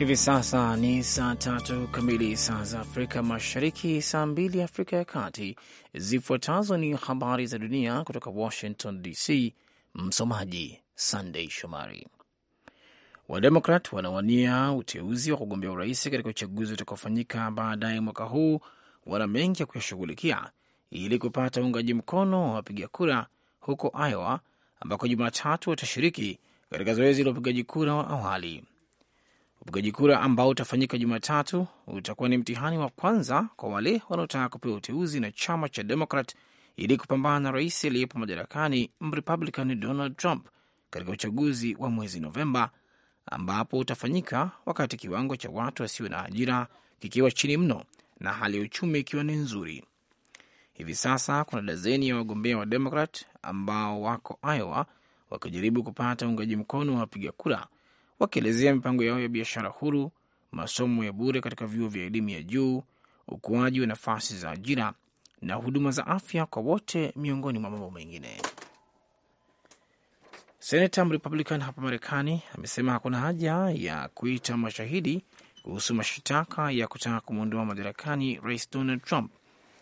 Hivi sasa ni saa tatu kamili saa za Afrika Mashariki, saa mbili Afrika ya Kati. Zifuatazo ni habari za dunia kutoka Washington DC. Msomaji Sandei Shomari. Wademokrat wanawania uteuzi wa kugombea urais katika uchaguzi utakaofanyika baadaye mwaka huu wana mengi ya kuyashughulikia ili kupata uungaji mkono wa wapiga kura huko Iowa, ambako Jumatatu watashiriki katika zoezi la upigaji kura wa awali. Upigaji kura ambao utafanyika Jumatatu utakuwa ni mtihani wa kwanza kwa wale wanaotaka kupewa uteuzi na chama cha Demokrat ili kupambana na rais aliyepo madarakani Mrepublican Donald Trump katika uchaguzi wa mwezi Novemba ambapo utafanyika wakati kiwango cha watu wasio na ajira kikiwa chini mno na hali ya uchumi ikiwa ni nzuri. Hivi sasa kuna dazeni ya wagombea wa Demokrat ambao wako Iowa wakijaribu kupata uungaji mkono wa wapiga kura wakielezea mipango yao ya biashara huru, masomo ya bure katika vyuo vya elimu ya juu, ukuaji wa nafasi za ajira na huduma za afya kwa wote, miongoni mwa mambo mengine. Senata Mrepublican hapa Marekani amesema hakuna haja ya kuita mashahidi kuhusu mashitaka ya kutaka kumwondoa madarakani Rais Donald Trump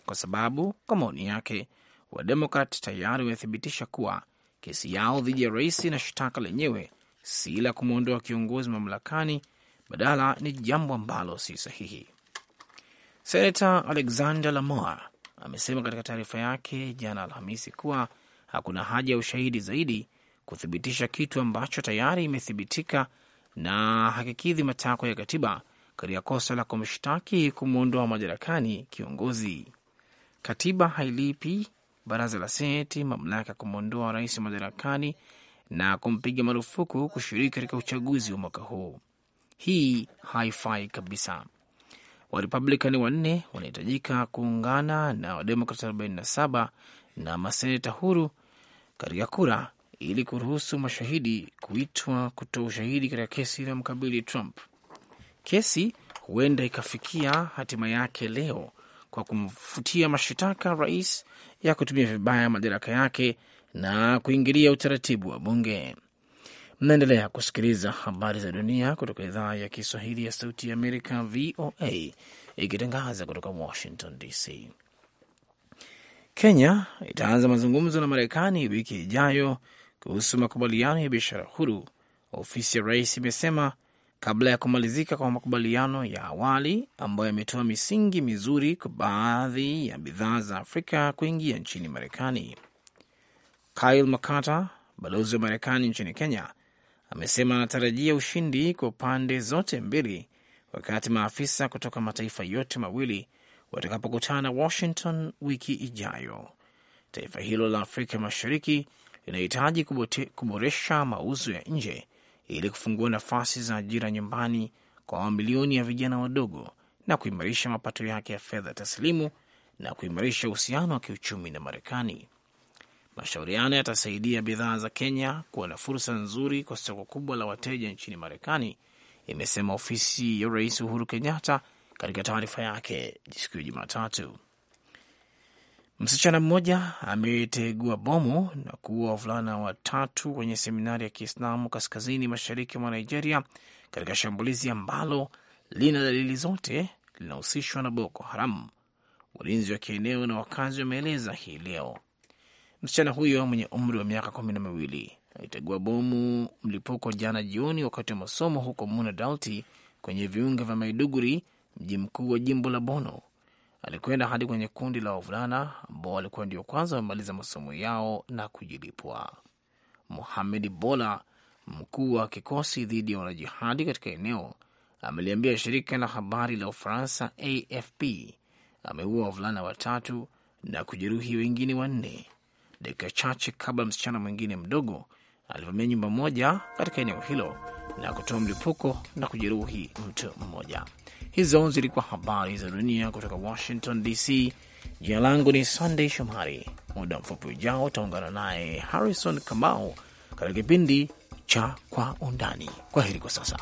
kwa sababu kwa maoni yake Wademokrat tayari wamethibitisha kuwa kesi yao dhidi ya rais na shitaka lenyewe si la kumwondoa kiongozi mamlakani, badala ni jambo ambalo si sahihi. Senata Alexander Lamoa amesema katika taarifa yake jana Alhamisi kuwa hakuna haja ya ushahidi zaidi kuthibitisha kitu ambacho tayari imethibitika na hakikidhi matakwa ya katiba katika kosa la kumshtaki kumwondoa madarakani kiongozi. Katiba hailipi baraza la seneti mamlaka ya kumwondoa rais madarakani na kumpiga marufuku kushiriki katika uchaguzi wa mwaka huu. Hii haifai kabisa. Warepublikani wanne wanahitajika kuungana na Wademokrat 47 na maseneta huru katika kura ili kuruhusu mashahidi kuitwa kutoa ushahidi katika kesi inayomkabili Trump. Kesi huenda ikafikia hatima yake leo kwa kumfutia mashitaka rais ya kutumia vibaya madaraka yake na kuingilia utaratibu wa bunge. Mnaendelea kusikiliza habari za dunia kutoka idhaa ya Kiswahili ya Sauti ya Amerika, VOA, ikitangaza kutoka Washington DC. Kenya itaanza mazungumzo na Marekani wiki ijayo kuhusu makubaliano ya biashara huru, ofisi ya rais imesema, kabla ya kumalizika kwa makubaliano ya awali ambayo yametoa misingi mizuri kwa baadhi ya bidhaa za Afrika kuingia nchini Marekani. Kyle Makata, balozi wa Marekani nchini Kenya, amesema anatarajia ushindi kwa pande zote mbili wakati maafisa kutoka mataifa yote mawili watakapokutana Washington wiki ijayo. Taifa hilo la Afrika Mashariki linahitaji kuboresha mauzo ya nje ili kufungua nafasi za ajira nyumbani kwa mamilioni ya vijana wadogo na kuimarisha mapato yake ya fedha taslimu na kuimarisha uhusiano wa kiuchumi na Marekani. Mashauriano yatasaidia bidhaa za Kenya kuwa na fursa nzuri kwa soko kubwa la wateja nchini Marekani, imesema ofisi ya Rais Uhuru Kenyatta katika taarifa yake siku ya Jumatatu. Msichana mmoja ametegua bomu na kuua wavulana watatu kwenye seminari ya Kiislamu kaskazini mashariki mwa Nigeria, katika shambulizi ambalo lina dalili zote linahusishwa na Boko Haram. Walinzi wa kieneo na wakazi wameeleza hii leo. Msichana huyo mwenye umri wa miaka kumi na miwili alitegua bomu mlipuko jana jioni wakati wa masomo huko Munadalti kwenye viunga vya Maiduguri, mji mkuu wa jimbo la Bono. Alikwenda hadi kwenye kundi la wavulana ambao walikuwa ndio kwanza wamemaliza masomo yao na kujilipwa. Muhamed Bola, mkuu wa kikosi dhidi ya wanajihadi katika eneo, ameliambia shirika la habari la Ufaransa AFP ameua wavulana watatu na kujeruhi wengine wanne dakika chache kabla msichana mwingine mdogo alivamia nyumba moja katika eneo hilo na kutoa mlipuko na kujeruhi mtu mmoja. Hizo zilikuwa habari za dunia kutoka Washington DC. Jina langu ni sandey Shomari. Muda mfupi ujao utaungana naye Harrison Kamau katika kipindi cha Kwa Undani. Kwa heri kwa sasa.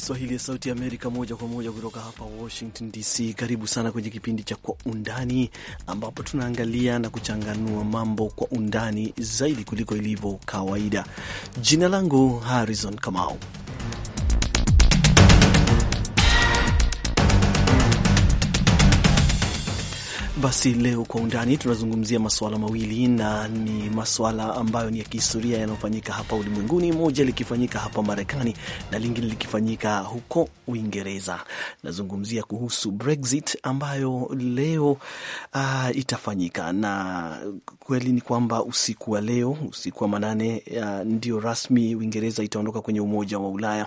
Kiswahili ya Sauti ya Amerika moja kwa moja kutoka hapa Washington DC. Karibu sana kwenye kipindi cha Kwa Undani, ambapo tunaangalia na kuchanganua mambo kwa undani zaidi kuliko ilivyo kawaida. Jina langu Harrison Kamau. Basi leo kwa undani tunazungumzia masuala mawili na ni masuala ambayo ni ya kihistoria yanayofanyika hapa ulimwenguni, moja likifanyika hapa Marekani na lingine likifanyika huko Uingereza. Nazungumzia kuhusu Brexit ambayo leo uh, itafanyika, na kweli ni kwamba usiku wa leo, usiku wa manane, uh, ndio rasmi Uingereza itaondoka kwenye Umoja wa Ulaya.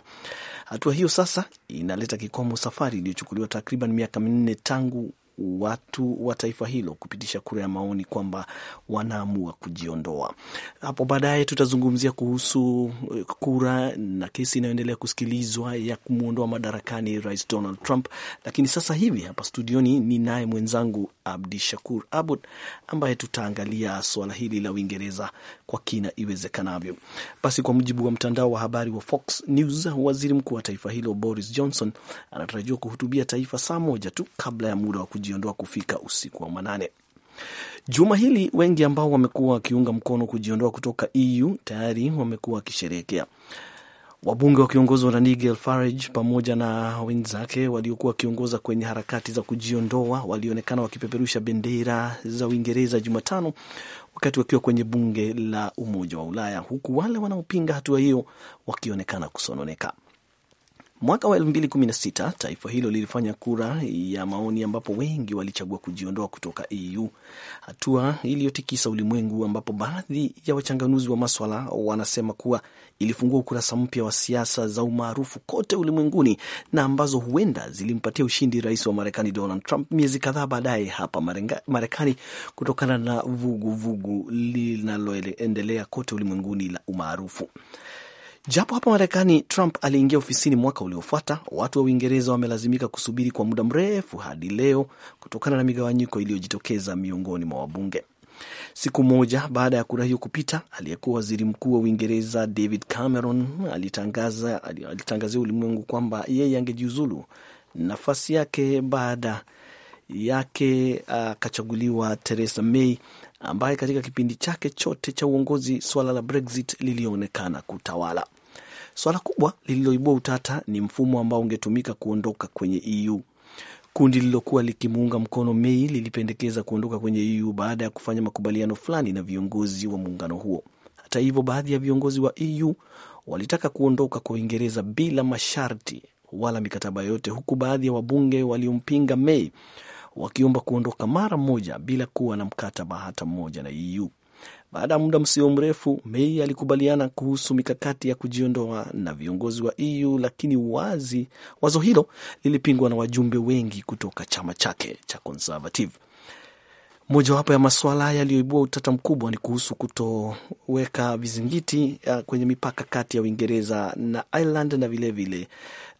Hatua hiyo sasa inaleta kikomo safari iliyochukuliwa takriban miaka minne tangu watu wa taifa hilo kupitisha kura ya maoni kwamba wanaamua kujiondoa. Hapo baadaye tutazungumzia kuhusu eh, kura na kesi inayoendelea kusikilizwa ya kumwondoa madarakani Rais Donald Trump, lakini sasa hivi hapa studioni ni naye mwenzangu Abdi Shakur Abud ambaye tutaangalia suala hili la Uingereza kwa kina iwezekanavyo. Basi, kwa mujibu wa mtandao wa habari wa Fox News, waziri mkuu wa taifa hilo Boris Johnson anatarajiwa kuhutubia taifa saa moja tu kabla ya muda wa kujiondoa kufika usiku wa manane juma hili. Wengi ambao wamekuwa wakiunga mkono kujiondoa kutoka EU tayari wamekuwa wakisherehekea Wabunge wakiongozwa na Nigel Farage pamoja na wenzake waliokuwa wakiongoza kwenye harakati za kujiondoa walionekana wakipeperusha bendera za Uingereza Jumatano, wakati wakiwa kwenye bunge la Umoja wa Ulaya, huku wale wanaopinga hatua hiyo wakionekana kusononeka. Mwaka wa 2016 taifa hilo lilifanya kura ya maoni ambapo wengi walichagua kujiondoa kutoka EU, hatua iliyotikisa ulimwengu, ambapo baadhi ya wachanganuzi wa maswala wanasema kuwa ilifungua ukurasa mpya wa siasa za umaarufu kote ulimwenguni na ambazo huenda zilimpatia ushindi rais wa Marekani Donald Trump miezi kadhaa baadaye hapa Marekani kutokana na vuguvugu linaloendelea kote ulimwenguni la umaarufu. Japo hapa Marekani Trump aliingia ofisini mwaka uliofuata, watu wa Uingereza wamelazimika kusubiri kwa muda mrefu hadi leo kutokana na migawanyiko iliyojitokeza miongoni mwa wabunge. Siku moja baada ya kura hiyo kupita, aliyekuwa waziri mkuu wa Uingereza David Cameron alitangaza alitangazia ulimwengu kwamba yeye angejiuzulu nafasi yake baada yake uh, akachaguliwa uh, Theresa May ambaye katika kipindi chake chote cha uongozi swala la Brexit lilionekana kutawala. Swala kubwa lililoibua utata ni mfumo ambao ungetumika kuondoka kwenye EU. Kundi lililokuwa likimuunga mkono Mei lilipendekeza kuondoka kwenye EU baada ya kufanya makubaliano fulani na viongozi wa muungano huo. Hata hivyo, baadhi ya viongozi wa EU walitaka kuondoka kwa Uingereza bila masharti wala mikataba yote huku baadhi ya wabunge waliompinga Mei wakiomba kuondoka mara moja bila kuwa na mkataba hata mmoja na EU. Baada ya muda msio mrefu, Mei alikubaliana kuhusu mikakati ya kujiondoa na viongozi wa EU, lakini wazi wazo hilo lilipingwa na wajumbe wengi kutoka chama chake cha Conservative. Mojawapo ya maswala yaliyoibua utata mkubwa ni kuhusu kutoweka vizingiti uh, kwenye mipaka kati ya Uingereza na Ireland na vilevile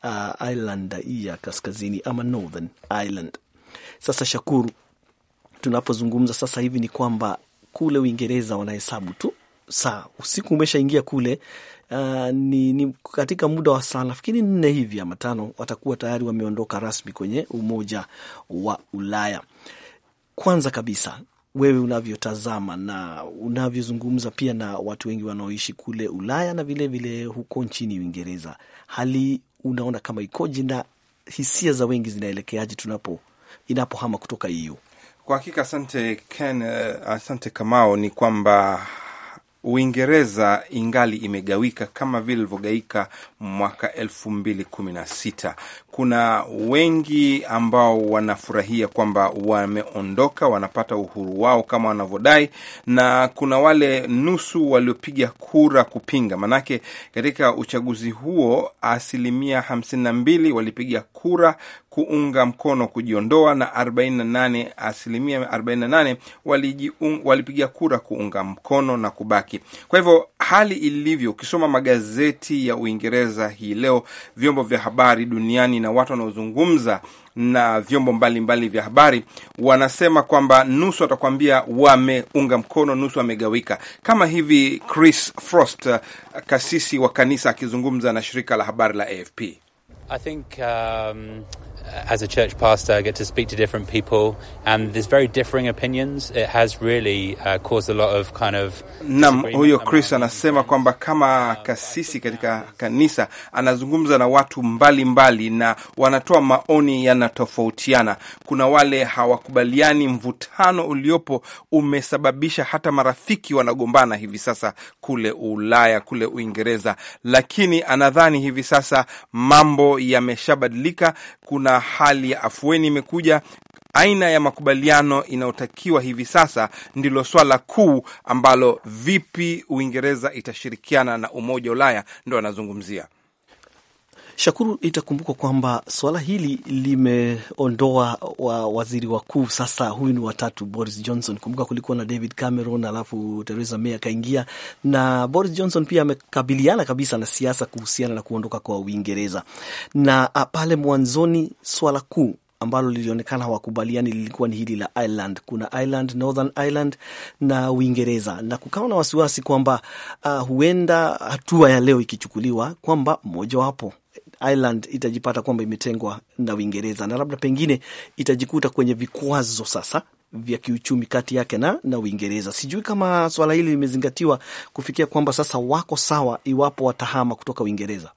uh, Ireland ya kaskazini ama Northern Ireland. Sasa Shakuru, tunapozungumza sasa hivi ni kwamba kule Uingereza wanahesabu tu saa, usiku umeshaingia kule. Uh, ni, ni katika muda wa saa nafikiri nne hivi ama tano watakuwa tayari wameondoka rasmi kwenye Umoja wa Ulaya. Kwanza kabisa wewe unavyotazama na unavyozungumza pia na watu wengi wanaoishi kule Ulaya na vilevile vile huko nchini Uingereza, hali unaona kama ikoje na hisia za wengi zinaelekeaje tunapo inapohama kutoka EU? Kwa hakika asante Ken, eh, asante Kamao. Ni kwamba Uingereza ingali imegawika kama vile ilivyogawika mwaka elfu mbili kumi na sita. Kuna wengi ambao wanafurahia kwamba wameondoka, wanapata uhuru wao kama wanavyodai, na kuna wale nusu waliopiga kura kupinga. maanake katika uchaguzi huo asilimia hamsini na mbili walipiga kura kuunga mkono kujiondoa na 48 asilimia 48 um, walipiga kura kuunga mkono na kubaki. Kwa hivyo hali ilivyo, ukisoma magazeti ya Uingereza hii leo, vyombo vya habari duniani na watu wanaozungumza na vyombo mbalimbali mbali vya habari wanasema kwamba nusu watakwambia wameunga mkono, nusu wamegawika. Kama hivi Chris Frost, kasisi wa kanisa, akizungumza na shirika la habari la AFP. I think, um as a church pastor, I get to speak to different people, and there's very differing opinions. It has really uh, caused a lot of kind of. Nam huyo Chris anasema kwamba kama kasisi katika kanisa anazungumza na watu mbalimbali mbali, na wanatoa maoni yanatofautiana. Kuna wale hawakubaliani, mvutano uliopo umesababisha hata marafiki wanagombana hivi sasa kule Ulaya, kule Uingereza, lakini anadhani hivi sasa mambo yameshabadilika. Kuna kuna hali ya afueni imekuja. Aina ya makubaliano inayotakiwa hivi sasa ndilo swala kuu ambalo vipi Uingereza itashirikiana na Umoja wa Ulaya ndo anazungumzia. Shakuru, itakumbukwa kwamba suala hili limeondoa wa waziri wakuu, sasa huyu ni watatu Boris Johnson. Kumbuka kulikuwa na David Cameron, alafu Theresa May akaingia, na Boris Johnson pia amekabiliana kabisa na siasa kuhusiana na kuondoka kwa Uingereza, na pale mwanzoni swala kuu ambalo lilionekana hawakubaliani lilikuwa ni hili la Ireland. Kuna Ireland, Northern Ireland na Uingereza, na kukawa na wasiwasi kwamba uh, huenda hatua ya leo ikichukuliwa kwamba mmojawapo Ireland itajipata kwamba imetengwa na Uingereza na labda pengine itajikuta kwenye vikwazo sasa vya kiuchumi kati yake na na Uingereza. Sijui kama swala hili limezingatiwa kufikia kwamba sasa wako sawa iwapo watahama kutoka Uingereza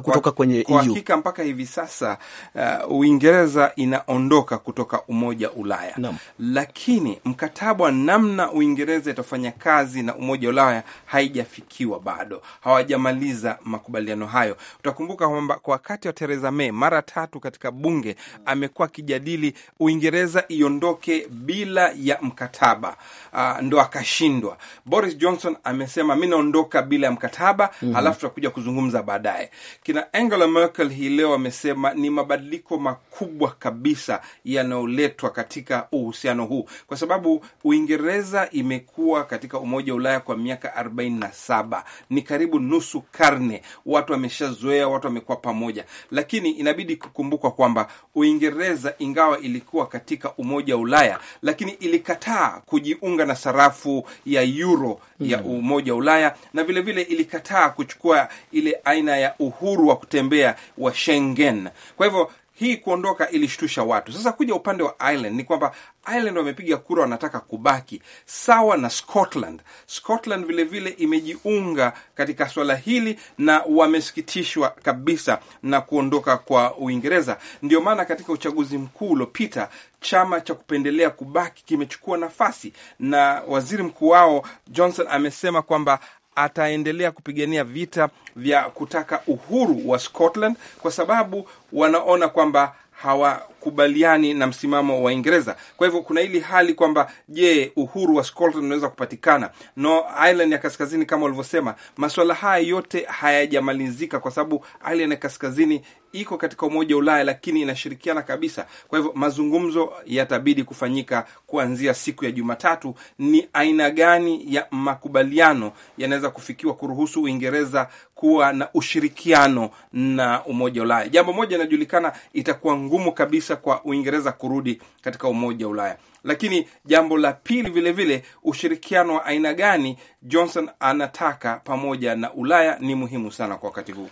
kutoka kwenye EU. Kwa e hakika mpaka hivi sasa uh, Uingereza inaondoka kutoka Umoja Ulaya no. Lakini mkataba wa namna Uingereza itafanya kazi na Umoja Ulaya haijafikiwa bado, hawajamaliza makubaliano hayo. Utakumbuka kwamba kwa wakati wa Theresa May mara tatu katika bunge amekuwa akijadili Uingereza iondoke bila ya mkataba uh, ndo akashindwa. Boris Johnson amesema mi naondoka bila ya mkataba mm -hmm. Alafu tutakuja kuzungumza baadaye kina Angela Merkel hii leo amesema ni mabadiliko makubwa kabisa yanayoletwa katika uhusiano huu, kwa sababu Uingereza imekuwa katika Umoja wa Ulaya kwa miaka 47, ni karibu nusu karne. Watu wameshazoea, watu wamekuwa pamoja, lakini inabidi kukumbukwa kwamba Uingereza ingawa ilikuwa katika Umoja wa Ulaya, lakini ilikataa kujiunga na sarafu ya euro ya hmm. Umoja wa Ulaya na vilevile vile ilikataa kuchukua ile aina ya uhuru uhuru wa kutembea wa Schengen. Kwa hivyo hii kuondoka ilishtusha watu. Sasa kuja upande wa Ireland ni kwamba Ireland wamepiga kura, wanataka kubaki sawa na Scotland. Scotland vilevile vile imejiunga katika swala hili na wamesikitishwa kabisa na kuondoka kwa Uingereza. Ndio maana katika uchaguzi mkuu uliopita chama cha kupendelea kubaki kimechukua nafasi, na waziri mkuu wao Johnson amesema kwamba ataendelea kupigania vita vya kutaka uhuru wa Scotland kwa sababu wanaona kwamba hawa hakubaliani na msimamo wa Uingereza. Kwa hivyo kuna ili hali kwamba je, uhuru wa Scotland unaweza kupatikana no Ireland ya kaskazini kama walivyosema, Masuala haya yote hayajamalizika kwa sababu Ireland ya kaskazini iko katika Umoja wa Ulaya lakini inashirikiana kabisa. Kwa hivyo mazungumzo yatabidi kufanyika kuanzia siku ya Jumatatu. Ni aina gani ya makubaliano yanaweza kufikiwa kuruhusu Uingereza kuwa na ushirikiano na Umoja wa Ulaya? Jambo moja inajulikana, itakuwa ngumu kabisa kuwezesha kwa Uingereza kurudi katika Umoja wa Ulaya. Lakini jambo la pili vilevile vile, ushirikiano wa aina gani Johnson anataka pamoja na Ulaya ni muhimu sana kwa wakati huu.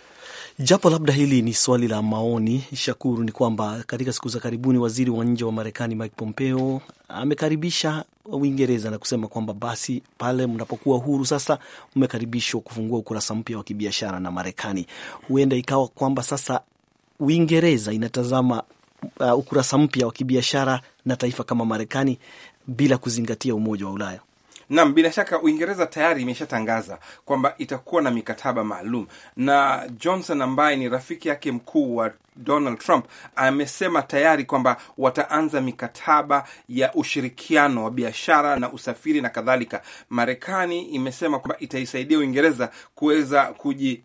Japo labda hili ni swali la maoni, Shakuru, ni kwamba katika siku za karibuni waziri wa nje wa Marekani Mike Pompeo amekaribisha Uingereza na kusema kwamba basi, pale mnapokuwa huru sasa, mmekaribishwa kufungua ukurasa mpya wa kibiashara na Marekani. Huenda ikawa kwamba sasa Uingereza inatazama uh, ukurasa mpya wa kibiashara na taifa kama Marekani bila kuzingatia Umoja wa Ulaya. Nam, bila shaka Uingereza tayari imeshatangaza kwamba itakuwa na mikataba maalum, na Johnson ambaye ni rafiki yake mkuu wa Donald Trump amesema tayari kwamba wataanza mikataba ya ushirikiano wa biashara na usafiri na kadhalika. Marekani imesema kwamba itaisaidia Uingereza kuweza kuji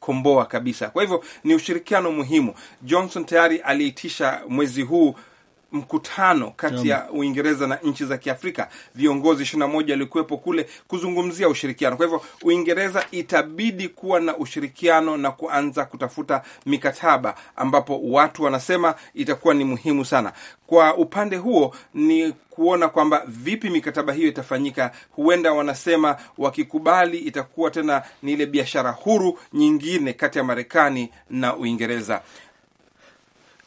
kukomboa kabisa. Kwa hivyo ni ushirikiano muhimu. Johnson tayari aliitisha mwezi huu mkutano kati ya Uingereza na nchi za Kiafrika, viongozi ishirini na moja walikuwepo kule kuzungumzia ushirikiano. Kwa hivyo Uingereza itabidi kuwa na ushirikiano na kuanza kutafuta mikataba ambapo watu wanasema itakuwa ni muhimu sana. Kwa upande huo ni kuona kwamba vipi mikataba hiyo itafanyika. Huenda wanasema wakikubali, itakuwa tena ni ile biashara huru nyingine kati ya Marekani na Uingereza.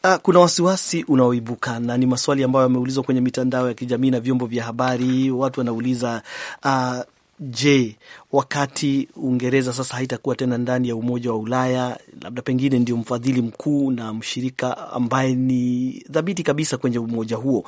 Ah, kuna wasiwasi unaoibuka na ni maswali ambayo yameulizwa kwenye mitandao ya kijamii na vyombo vya habari. Watu wanauliza uh, je, wakati Uingereza sasa haitakuwa tena ndani ya Umoja wa Ulaya, labda pengine ndio mfadhili mkuu na mshirika ambaye ni dhabiti kabisa kwenye umoja huo,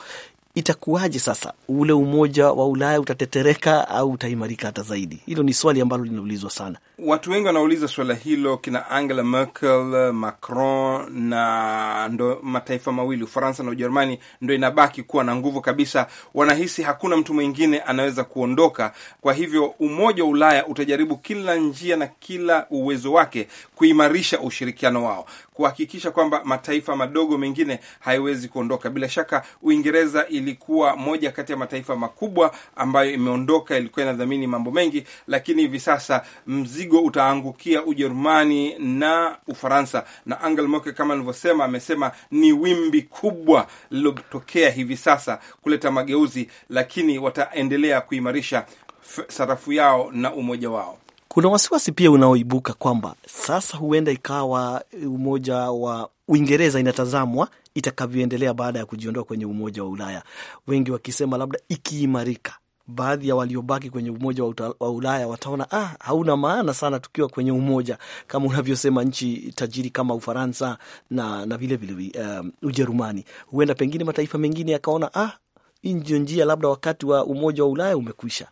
itakuwaje sasa? Ule umoja wa Ulaya utatetereka au utaimarika hata zaidi? Hilo ni swali ambalo linaulizwa sana. Watu wengi wanauliza swala hilo, kina Angela Merkel, Macron, na ndo mataifa mawili Ufaransa na Ujerumani ndo inabaki kuwa na nguvu kabisa. Wanahisi hakuna mtu mwingine anaweza kuondoka. Kwa hivyo umoja wa Ulaya utajaribu kila njia na kila uwezo wake kuimarisha ushirikiano wao kuhakikisha kwamba mataifa madogo mengine haiwezi kuondoka. Bila shaka, Uingereza ilikuwa moja kati ya mataifa makubwa ambayo imeondoka, ilikuwa inadhamini mambo mengi, lakini hivi sasa mzigo utaangukia Ujerumani na Ufaransa. Na Angela Merkel kama alivyosema amesema ni wimbi kubwa lililotokea hivi sasa kuleta mageuzi, lakini wataendelea kuimarisha sarafu yao na umoja wao. Kuna wasiwasi pia unaoibuka kwamba sasa huenda ikawa umoja wa Uingereza inatazamwa itakavyoendelea baada ya kujiondoa kwenye umoja wa Ulaya, wengi wakisema labda ikiimarika baadhi ya waliobaki kwenye umoja wa Ulaya wataona ah, hauna maana sana tukiwa kwenye umoja, kama unavyosema nchi tajiri kama Ufaransa na na vile vile um, Ujerumani. Huenda pengine mataifa mengine yakaona ah, hii ndio njia, labda wakati wa umoja wa Ulaya umekwisha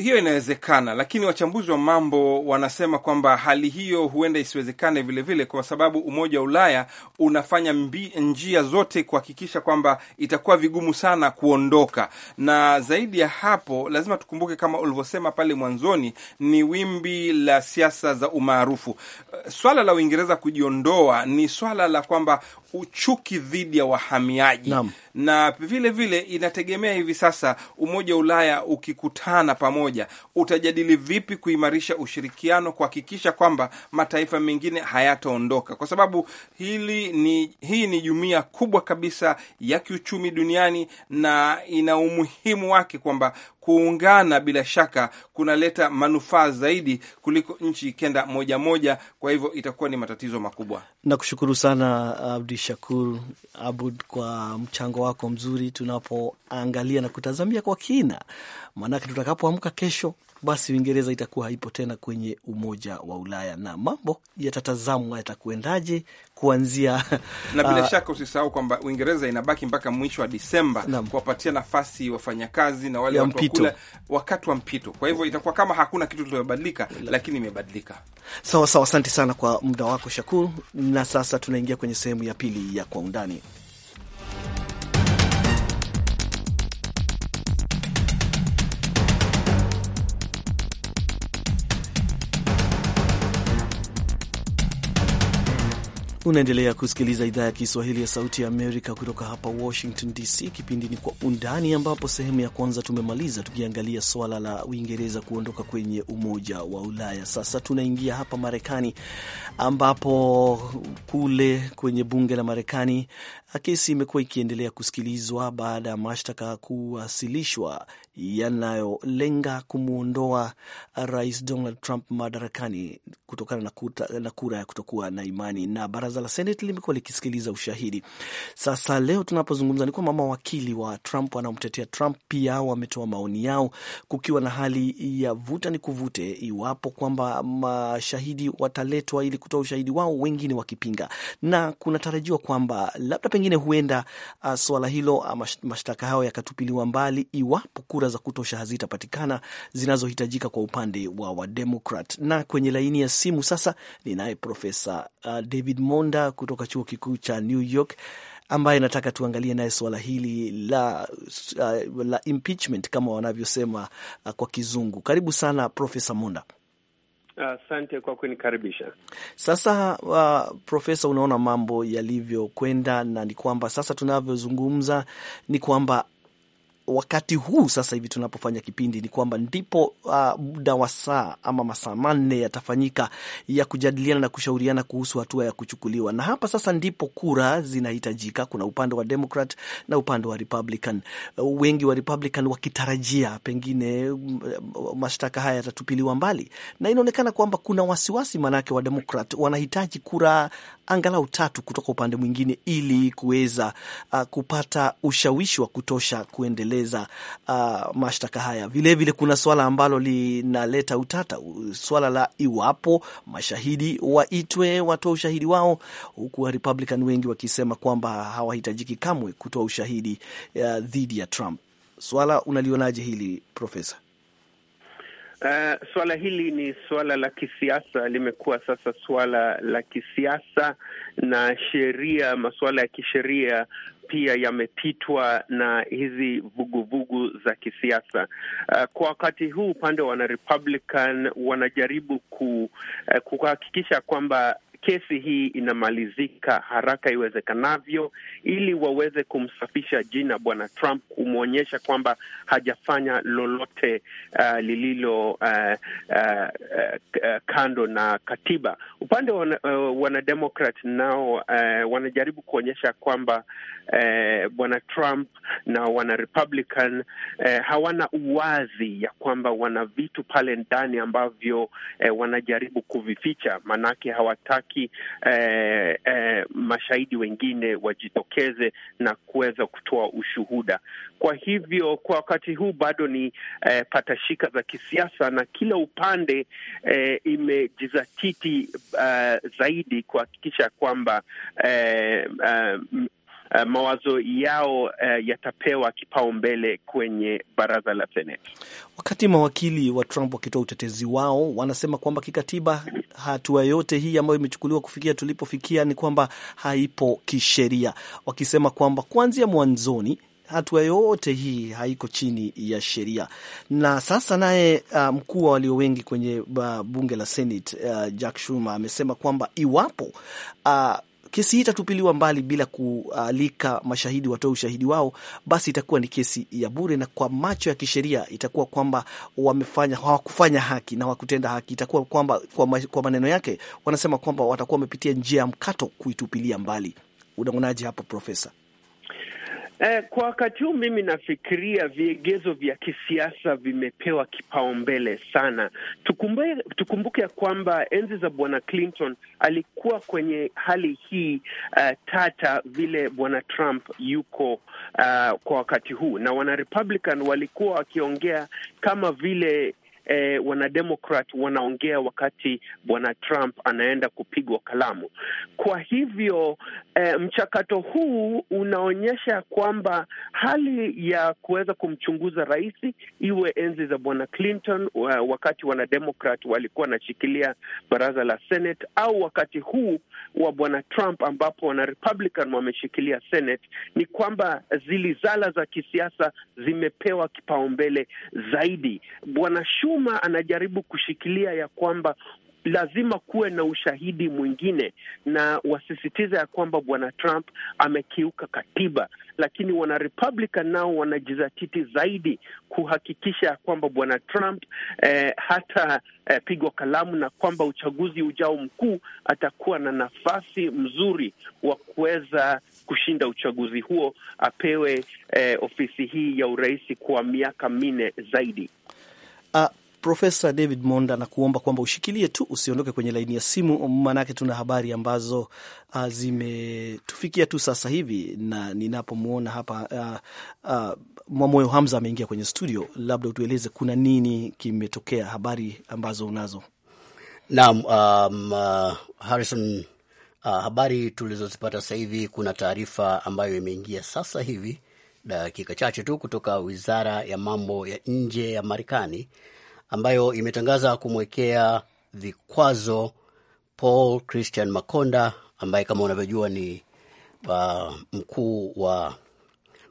hiyo inawezekana, lakini wachambuzi wa mambo wanasema kwamba hali hiyo huenda isiwezekane vilevile, kwa sababu Umoja wa Ulaya unafanya mbi, njia zote kuhakikisha kwamba itakuwa vigumu sana kuondoka. Na zaidi ya hapo, lazima tukumbuke kama ulivyosema pale mwanzoni, ni wimbi la siasa za umaarufu. Swala la Uingereza kujiondoa ni swala la kwamba uchuki dhidi ya wahamiaji Naam. na vile vile inategemea hivi sasa Umoja wa Ulaya ukikutana pamoja utajadili vipi kuimarisha ushirikiano kuhakikisha kwamba mataifa mengine hayataondoka, kwa sababu hili ni, hii ni jumia kubwa kabisa ya kiuchumi duniani na ina umuhimu wake kwamba kuungana bila shaka kunaleta manufaa zaidi kuliko nchi ikenda moja moja. Kwa hivyo itakuwa ni matatizo makubwa. Nakushukuru sana uh, Abdu Shakur Abud kwa mchango wako mzuri, tunapoangalia na kutazamia kwa kina, maanake tutakapoamka kesho basi Uingereza itakuwa haipo tena kwenye Umoja wa Ulaya na mambo yatatazamwa yatakuendaje kuanzia na bila uh, shaka usisahau kwamba Uingereza inabaki mpaka mwisho wa Disemba kuwapatia nafasi wafanyakazi na wale watu mpito, wakati wa mpito. Kwa hivyo itakuwa kama hakuna kitu kilichobadilika, lakini imebadilika. Sawa sawa, asante sana kwa muda wako Shakuru, na sasa tunaingia kwenye sehemu ya pili ya kwa undani. Unaendelea kusikiliza idhaa ya Kiswahili ya Sauti ya Amerika kutoka hapa Washington DC. Kipindi ni Kwa Undani, ambapo sehemu ya kwanza tumemaliza tukiangalia swala la Uingereza kuondoka kwenye Umoja wa Ulaya. Sasa tunaingia hapa Marekani, ambapo kule kwenye bunge la Marekani Kesi imekuwa ikiendelea kusikilizwa baada ya mashtaka kuwasilishwa yanayolenga kumwondoa Rais Donald Trump madarakani kutokana na, kuta, na kura ya kutokuwa na imani, na baraza la Seneti limekuwa likisikiliza ushahidi. Sasa leo tunapozungumza ni kwamba mawakili wa Trump wanaomtetea Trump pia wametoa maoni yao, kukiwa na hali ya vuta ni kuvute iwapo kwamba mashahidi wataletwa ili kutoa ushahidi wao, wengine wakipinga, na kunatarajiwa kwamba labda pengine huenda uh, swala hilo uh, mashtaka hayo yakatupiliwa mbali iwapo kura za kutosha hazitapatikana zinazohitajika kwa upande wa Wademokrat. Na kwenye laini ya simu sasa ninaye Profesa uh, David Monda kutoka chuo kikuu cha New York ambaye nataka tuangalie naye suala hili la, uh, la impeachment kama wanavyosema uh, kwa Kizungu. Karibu sana Profesa Monda. Asante uh, kwa kunikaribisha. Sasa uh, Profesa, unaona mambo yalivyokwenda, na ni kwamba sasa tunavyozungumza ni kwamba wakati huu sasa hivi tunapofanya kipindi ni kwamba ndipo uh, muda uh, wa saa ama masaa manne yatafanyika ya kujadiliana na kushauriana kuhusu hatua ya kuchukuliwa, na hapa sasa ndipo kura zinahitajika. Kuna upande wa Democrat na upande wa Republican, uh, wengi wa Republican wakitarajia pengine um, mashtaka haya yatatupiliwa mbali, na inaonekana kwamba kuna wasiwasi, maanake wa Democrat wanahitaji kura angalau tatu kutoka upande mwingine ili kuweza uh, kupata ushawishi wa kutosha kuendeleza uh, mashtaka haya. Vilevile vile kuna swala ambalo linaleta utata, swala la iwapo mashahidi waitwe watoa ushahidi wao, huku wa Republican wengi wakisema kwamba hawahitajiki kamwe kutoa ushahidi uh, dhidi ya Trump. Swala unalionaje hili Profesa? Uh, eh, suala hili ni suala la kisiasa, limekuwa sasa suala la kisiasa na sheria, masuala ya kisheria pia yamepitwa na hizi vuguvugu vugu za kisiasa. Uh, kwa wakati huu upande wa wanarepublican wanajaribu ku, uh, kuhakikisha kwamba kesi hii inamalizika haraka iwezekanavyo, ili waweze kumsafisha jina Bwana Trump, kumwonyesha kwamba hajafanya lolote uh, lililo uh, uh, uh, uh kando na katiba. Upande wa uh, wanademokrat nao uh, wanajaribu kuonyesha kwamba uh, Bwana Trump na wanarepublican uh, hawana uwazi ya kwamba wana vitu pale ndani ambavyo uh, wanajaribu kuvificha, maanake hawataki haki eh, eh, mashahidi wengine wajitokeze na kuweza kutoa ushuhuda. Kwa hivyo kwa wakati huu bado ni eh, patashika za kisiasa na kila upande eh, imejizatiti eh, zaidi kuhakikisha kwamba eh, eh, Eh, mawazo yao uh, yatapewa kipaumbele kwenye baraza la Seneti. Wakati mawakili wa Trump wakitoa utetezi wao, wanasema kwamba kikatiba hatua yote hii ambayo imechukuliwa kufikia tulipofikia ni kwamba haipo kisheria, wakisema kwamba kuanzia mwanzoni hatua yote hii haiko chini ya sheria. Na sasa naye uh, mkuu wa walio wengi kwenye uh, bunge la Senate uh, Jack Schumer amesema kwamba iwapo uh, kesi hii itatupiliwa mbali bila kualika mashahidi watoe ushahidi wao, basi itakuwa ni kesi ya bure, na kwa macho ya kisheria itakuwa kwamba wamefanya hawakufanya haki na wakutenda haki. Itakuwa kwamba kwa maneno yake wanasema kwamba watakuwa wamepitia njia ya mkato kuitupilia mbali. Unaonaje hapo Profesa? Eh, kwa wakati huu mimi nafikiria viegezo vya kisiasa vimepewa kipaumbele sana. Tukumbuke, tukumbuke kwamba enzi za bwana Clinton alikuwa kwenye hali hii uh, tata vile bwana Trump yuko uh, kwa wakati huu, na Republican walikuwa wakiongea kama vile eh, wanademokrat wanaongea wakati bwana Trump anaenda kupigwa kalamu. Kwa hivyo eh, mchakato huu unaonyesha kwamba hali ya kuweza kumchunguza raisi iwe enzi za bwana Clinton wakati wanademokrat walikuwa wanashikilia baraza la Senate au wakati huu wa bwana Trump ambapo wanarepublican wameshikilia Senate, ni kwamba zilizala za kisiasa zimepewa kipaumbele zaidi. Bwana Schumer Ouma anajaribu kushikilia ya kwamba lazima kuwe na ushahidi mwingine, na wasisitiza ya kwamba bwana Trump amekiuka katiba, lakini wana Republican nao wanajizatiti zaidi kuhakikisha ya kwamba bwana Trump eh, hata eh, pigwa kalamu na kwamba uchaguzi ujao mkuu atakuwa na nafasi mzuri wa kuweza kushinda uchaguzi huo, apewe eh, ofisi hii ya urais kwa miaka minne zaidi. Uh, Profesa David Monda nakuomba kwamba ushikilie tu, usiondoke kwenye laini ya simu, maanake tuna habari ambazo ah, zimetufikia tu sasa hivi, na ninapomwona hapa uh, uh, Mwamoyo Hamza ameingia kwenye studio, labda utueleze kuna nini kimetokea, habari ambazo unazo. Naam, um, uh, Harrison, uh, habari tulizozipata sasa hivi, kuna taarifa ambayo imeingia sasa hivi dakika chache tu kutoka wizara ya mambo ya nje ya Marekani ambayo imetangaza kumwekea vikwazo Paul Christian Makonda ambaye kama unavyojua ni uh, mkuu wa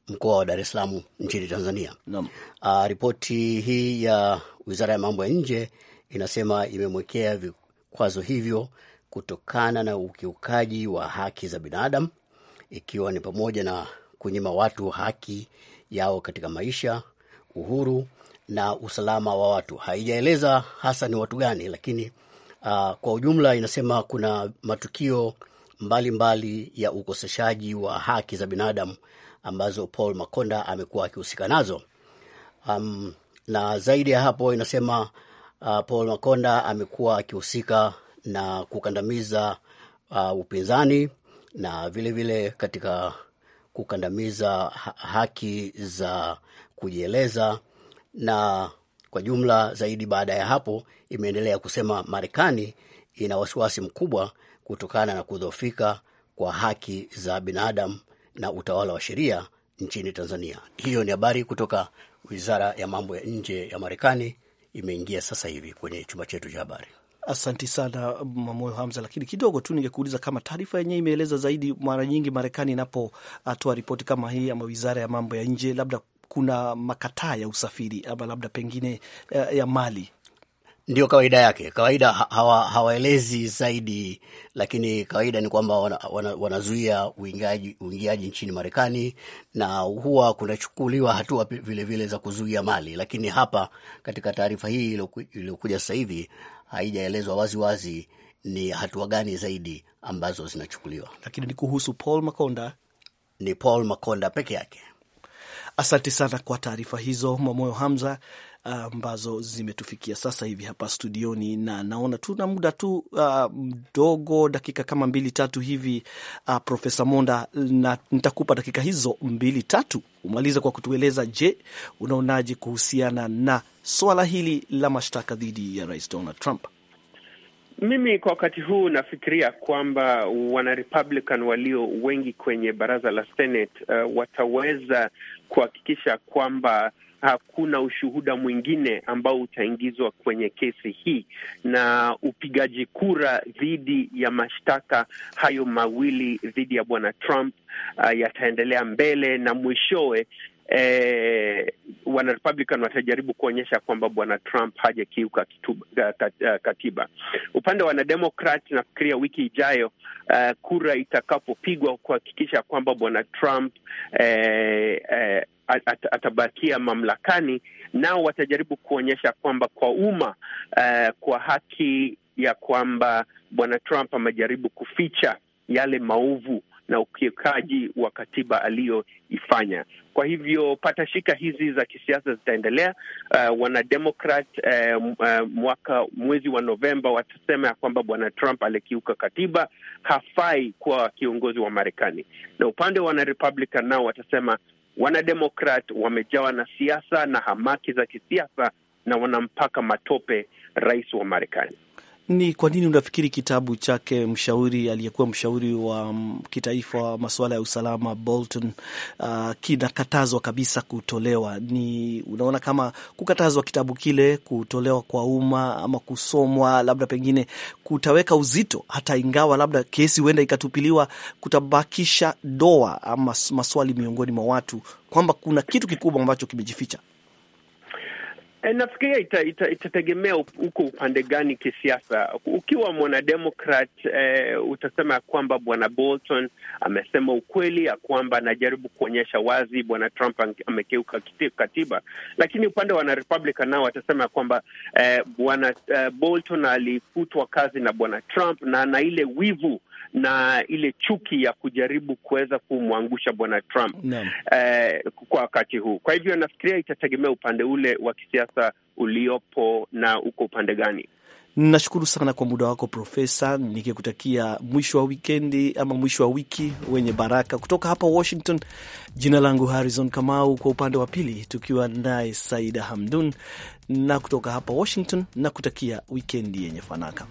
mkoa wa Dar es Salaam nchini Tanzania. No. Uh, ah, ripoti hii ya Wizara ya Mambo ya Nje inasema imemwekea vikwazo hivyo kutokana na ukiukaji wa haki za binadamu ikiwa ni pamoja na kunyima watu haki yao katika maisha, uhuru na usalama wa watu. Haijaeleza hasa ni watu gani, lakini uh, kwa ujumla inasema kuna matukio mbalimbali mbali ya ukoseshaji wa haki za binadamu ambazo Paul Makonda amekuwa akihusika nazo. Um, na zaidi ya hapo inasema uh, Paul Makonda amekuwa akihusika na kukandamiza uh, upinzani na vilevile vile katika kukandamiza haki za kujieleza na kwa jumla zaidi. Baada ya hapo, imeendelea kusema Marekani ina wasiwasi mkubwa kutokana na kudhoofika kwa haki za binadamu na utawala wa sheria nchini Tanzania. Hiyo ni habari kutoka wizara ya mambo ya nje ya Marekani, imeingia sasa hivi kwenye chumba chetu cha habari. Asanti sana Mamoyo Hamza, lakini kidogo tu ningekuuliza kama taarifa yenyewe imeeleza zaidi. Mara nyingi Marekani inapotoa ripoti kama hii ama wizara ya mambo ya nje, labda kuna makataa ya usafiri ama labda pengine ya, eh, ya mali ndio kawaida yake. Kawaida hawa, hawaelezi zaidi, lakini kawaida ni kwamba wanazuia wana, wana uingiaji nchini Marekani, na huwa kunachukuliwa hatua vilevile za kuzuia mali. Lakini hapa katika taarifa hii iliyokuja sasa hivi haijaelezwa waziwazi ni hatua gani zaidi ambazo zinachukuliwa, lakini ni kuhusu Paul Makonda, ni Paul Makonda peke yake. Asante sana kwa taarifa hizo Mwamoyo Hamza ambazo zimetufikia sasa hivi hapa studioni, na naona tuna muda tu uh, mdogo, uh, dakika kama mbili tatu hivi. Uh, Profesa Monda, na nitakupa dakika hizo mbili tatu umalize kwa kutueleza, je, unaonaje kuhusiana na swala hili la mashtaka dhidi ya Rais Donald Trump? Mimi kwa wakati huu nafikiria kwamba wana Republican walio wengi kwenye baraza la Senate uh, wataweza kuhakikisha kwamba hakuna ushuhuda mwingine ambao utaingizwa kwenye kesi hii, na upigaji kura dhidi ya mashtaka hayo mawili dhidi ya bwana Trump uh, yataendelea mbele na mwishowe eh, wanarepublican watajaribu kuonyesha kwamba bwana Trump hajakiuka eh, katiba. Upande wa wanademokrat, nafikiria wiki ijayo, uh, kura itakapopigwa kuhakikisha kwamba bwana Trump eh, eh, At, atabakia mamlakani, nao watajaribu kuonyesha kwamba kwa umma uh, kwa haki ya kwamba bwana Trump amejaribu kuficha yale maovu na ukiukaji wa katiba aliyoifanya. Kwa hivyo patashika hizi za kisiasa zitaendelea. Uh, wanademokrat uh, uh, mwaka mwezi wa Novemba watasema ya kwamba bwana Trump alikiuka katiba, hafai kuwa kiongozi wa Marekani, na upande wa wanarepublican nao watasema wanademokrat wamejawa na siasa na hamaki za kisiasa na wanampaka matope rais wa Marekani. Ni kwa nini unafikiri kitabu chake mshauri aliyekuwa mshauri wa mm, kitaifa wa masuala ya usalama Bolton uh, kinakatazwa kabisa kutolewa? Ni unaona kama kukatazwa kitabu kile kutolewa kwa umma ama kusomwa, labda pengine kutaweka uzito, hata ingawa labda kesi huenda ikatupiliwa, kutabakisha doa ama maswali miongoni mwa watu kwamba kuna kitu kikubwa ambacho kimejificha. E, nafikiria itategemea ita, itategemea huko upande gani kisiasa. Ukiwa mwanademokrat e, utasema ya kwamba bwana Bolton amesema ukweli ya kwamba anajaribu kuonyesha wazi bwana Trump amekeuka katiba, lakini upande wa wanarepublican nao watasema ya kwamba e, bwana e, Bolton alifutwa kazi na bwana Trump na ana ile wivu na ile chuki ya kujaribu kuweza kumwangusha bwana Trump eh, kwa wakati huu. Kwa hivyo nafikiria itategemea upande ule wa kisiasa uliopo na uko upande gani. Nashukuru sana kwa muda wako Profesa, nikikutakia mwisho wa wikendi ama mwisho wa wiki wenye baraka. Kutoka hapa Washington, jina langu Harrison Kamau, kwa upande wa pili tukiwa naye Saida Hamdun, na kutoka hapa Washington nakutakia wikendi yenye fanaka.